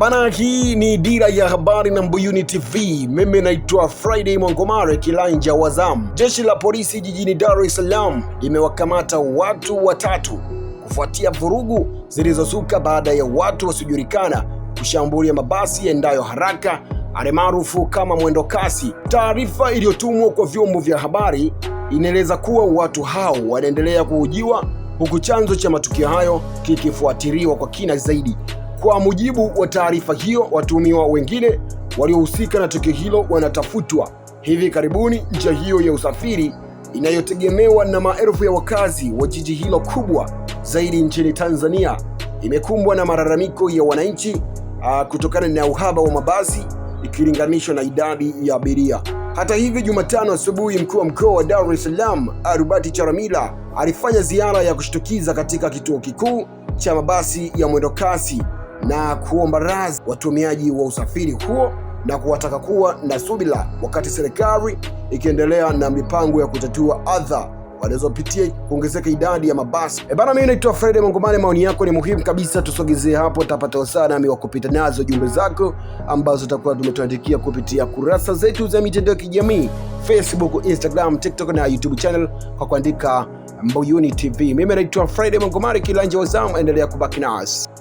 Bana, hii ni Dira ya Habari na Mbuyuni TV. Mimi naitwa Friday Mwangomare Kilanja Wazam. Jeshi la polisi jijini Dar es Salaam limewakamata watu watatu kufuatia vurugu zilizozuka baada ya watu wasiojulikana kushambulia mabasi yaendayo haraka alimaarufu kama mwendo kasi. Taarifa iliyotumwa kwa vyombo vya habari inaeleza kuwa watu hao wanaendelea kuhojiwa huku chanzo cha matukio hayo kikifuatiliwa kwa kina zaidi. Kwa mujibu wa taarifa hiyo, watuhumiwa wengine waliohusika na tukio hilo wanatafutwa. Hivi karibuni njia hiyo ya usafiri inayotegemewa na maelfu ya wakazi wa jiji hilo kubwa zaidi nchini Tanzania imekumbwa na malalamiko ya wananchi ah, kutokana na uhaba wa mabasi ikilinganishwa na idadi ya abiria. Hata hivyo, Jumatano asubuhi, mkuu wa mkoa wa Dar es Salaam Arubati Charamila alifanya ziara ya kushtukiza katika kituo kikuu cha mabasi ya mwendokasi na kuomba radhi watumiaji wa usafiri huo na kuwataka kuwa na subira wakati serikali ikiendelea na mipango ya kutatua adha walizopitia kuongezeka idadi ya mabasi. E bana, mimi naitwa Fred Mangomane. Maoni yako ni muhimu kabisa, tusogezee hapo, utapata sana nami wakupita nazo jumbe zako ambazo tutakuwa tumetuandikia kupitia kurasa zetu za mitandao ya kijamii Facebook, Instagram, TikTok na YouTube channel kwa kuandika Mbuyuni TV. Mimi naitwa Fred Mangomane, kila nje wazamu, endelea kubaki nasi.